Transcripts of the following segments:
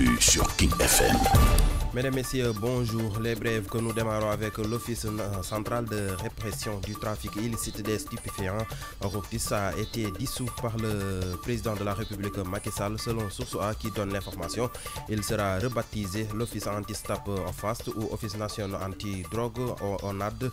l'actu sur King FM. Mesdames, Messieurs, bonjour. Les brèves que nous démarrons avec l'Office euh, central de répression du trafic illicite des stupéfiants. L'Office a été dissous par le président de la République Macky Sall, selon Source A qui donne l'information. Il sera rebaptisé l'Office anti-stap FAST ou Office national anti-drogue ONAD.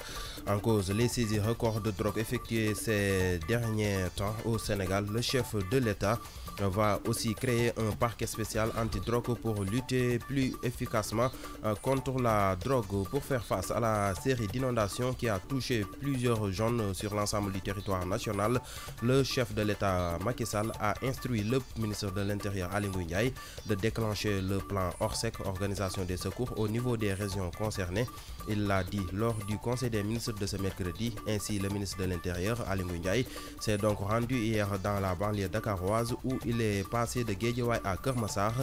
En cause, les saisies records de drogue effectuées ces derniers temps au Sénégal. Le chef de l'État va aussi créer un parquet spécial anti-drogue pour lutter plus efficacement euh, contre la drogue pour faire face à la série d'inondations qui a touché plusieurs jeunes sur l'ensemble du territoire national. Le chef de l'État Macky Sall a instruit le ministre de l'Intérieur Ali Ndiaye de déclencher le plan Orsec, organisation des secours au niveau des régions concernées. Il l'a dit lors du Conseil des ministres de ce mercredi. Ainsi, le ministre de l'Intérieur Ali Ndiaye s'est donc rendu hier dans la banlieue dakaroise où il est passé de Guédiouaï à Kermassar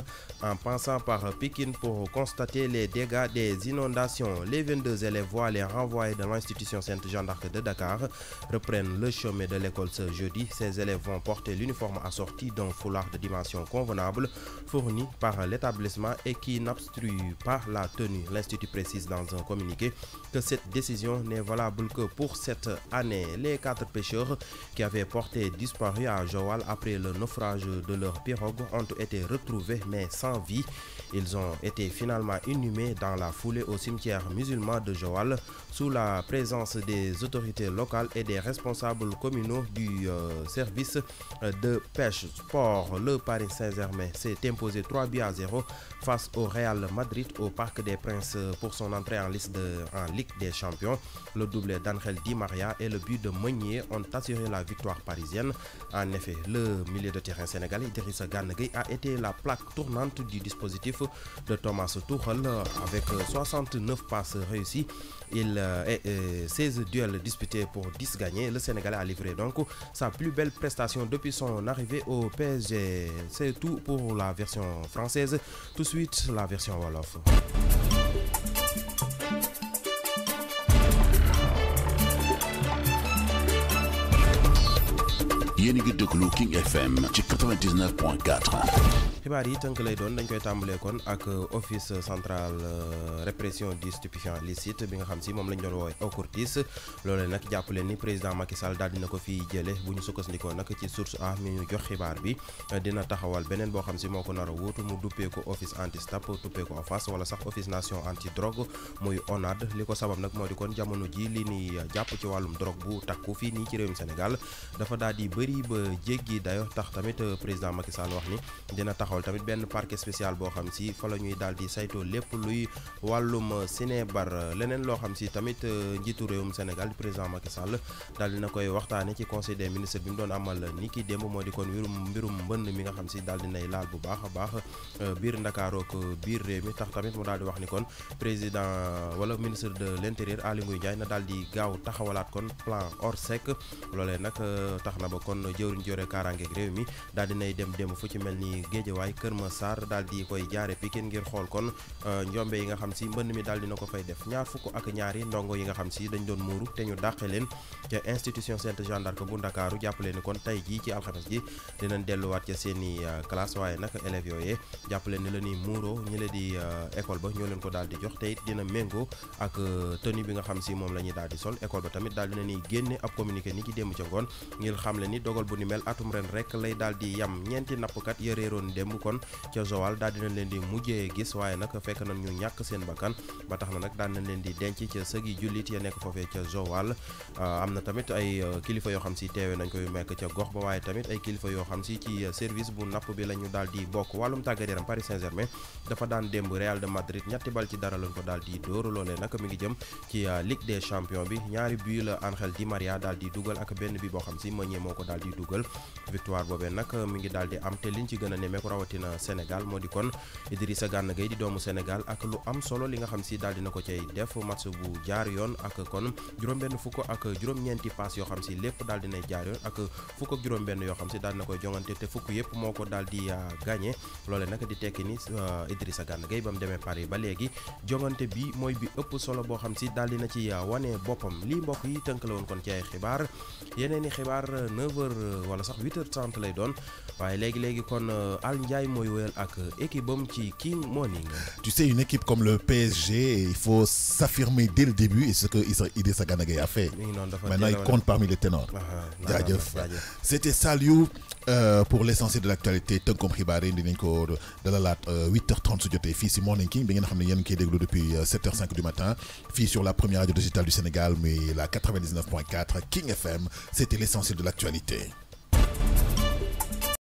en passant par Pékin pour constater les dégâts des inondations. Les 22 élèves les renvoyés de l'institution sainte jeanne d'Arc de Dakar reprennent le chemin de l'école ce jeudi. Ces élèves vont porter l'uniforme assorti d'un foulard de dimension convenable fourni par l'établissement et qui n'obstrue pas la tenue. L'Institut précise dans un communiqué que cette décision n'est valable que pour cette année. Les quatre pêcheurs qui avaient porté disparu à Joal après le naufrage de leur pirogue ont été retrouvés mais sans vie. Ils ont été finalement inhumé dans la foulée au cimetière musulman de Joal sous la présence des autorités locales et des responsables communaux du euh, service de pêche sport. Le Paris Saint-Germain s'est imposé 3 buts à 0 face au Real Madrid au Parc des Princes pour son entrée en, liste en Ligue des Champions. Le doublé d'Angel Di Maria et le but de Meunier ont assuré la victoire parisienne. En effet, le milieu de terrain sénégalais Idrissa Ganegui a été la plaque tournante du dispositif de Thomas Tour euh, avec 69 euh, passes réussies il, et, euh, 16 duels disputés pour 10 gagnés. Le Sénégalais a livré donc sa plus belle prestation depuis son arrivée au PSG. C'est tout pour la version française. Tout de suite, la version Wolof. of FM 99.4 xibaar yi tënk lay doon dañ koy tàmbalee kon ak euh, office central euh, répression du stupéfiant licite bi nga xam si moom lañ doon woowee OCRTIS loolee nag jàpp leen ni président Macky Sall daal dina ko fiy jële bu ñu sukkandikoo nag ci source a ñu jox xibaar bi euh, dina taxawal beneen boo xam si moo ko nar a wuutu mu duppee ko office anti stap duppee ko OFAS wala sax office nation anti drogue muy ONAD li ko sabab nag moo di kon jamono ji li ni jàpp ci wàllum drogue bu takku fii nii ci réewum Sénégal dafa daal di bëri ba jéggi dayo tax tamit président Macky Sall wax ni taxawal tamit benn parquet spécial boo xam si fa la ñuy daal di saytoo lépp luy wàllum Sinébar leneen loo xam si tamit euh, njiitu réewum Sénégal président Macky Sall daal na koy waxtaane ci conseil des ministres bi mu doon amal ni ki démb moo di kon mbirum mbirum mbënn mi nga xam si daal dinay laal bu baax a baax euh, biir Ndakaaru ak biir réew mi tax tamit mu daal di wax ni kon président wala ministre de l'intérieur ali Ngouille Ndiaye na daal di gaaw taxawalaat kon plan Orsec loolee nag euh, tax na ba kon jëwriñ jore kaaraangeeg réew mi daal dinay dem dem fu ci mel ni géej Guédiawaye Kër Massar daal di koy jaare Pikine ngir xool kon euh, njombe yi nga xam si mbënn mi daal dina ko fay def ñaar fukk ak ñaari ndongo yi nga xam si dañ doon muuru te ñu dàqe leen ca institution Sainte Jeanne bu Ndakaaru jàppale ni kon tey jii ci alxames ji dinañ delluwaat ca seeni euh, classe waaye nag élèves yooyee jàppale ni la muuroo ñi di euh, école ba ñoo leen ko daal di jox te dina méngoo ak tenue bi nga xam si moom la ñuy daal di sol école ba tamit daal démb kon ca Joal daal dinañ leen di mujjee gis waaye nag fekk nañ ñu ñàkk seen bakkan ba tax na nag daan nañ leen di denc ca sëgi jullit ya nekk foofee ca Joal euh, am na tamit ay euh, kilifa yoo xam si teewe nañ koy mekk ca gox ba waaye tamit ay kilifa yoo xam si ci euh, service bu napp bi la ñu daal di bokk wàllum tàggat Paris Saint-Germain dafa daan démb Real de Madrid ñetti bal ci dara lañ ko daal di dóoru loolee nag ngi jëm ci Ligue des Champions bi ñaari but la Angel Di Maria daal di dugal ak benn bi boo xam si Meunier moo a rawatina Sénégal moo di kon Idrissa Gana Gueye di doomu Sénégal ak lu am solo li nga xam si daal dina ko cay def match bu jaar yoon ak kon juróom-benn fukk ak juróom-ñeenti paas yoo xam si lépp daal dinay jaar yoon ak fukk ak juróom-benn yoo xam si daal dina koy jongante te fukk yëpp moo ko daal di ah, gagné loole nag di tekki ni ah, Idrissa Gana Gueye ba mu demee Paris ba léegi jongante bi mooy bi ëpp solo boo xam si daal dina ci ah, wane boppam lii mbokk yi tënk la woon kon ci ay xibaar yeneen i xibaar 9h wala sax 8h30 lay doon waaye léegi léegi kon al Ndiaye King Morning. tu sais une équipe comme le PSG il faut s'affirmer dès le début et ce que Idé Saganagé a fait. maintenant il compte parmi les ténors. Ah, ah, c'était Saliou euh, pour l'essentiel de l'actualité Tengkom Hibari, yi de la latte 8h30 sur jotee Morning King bi depuis 7h05 euh, du matin fille sur la première radio digitale du Sénégal mais la 99.4 King FM c'était l'essentiel de l'actualité.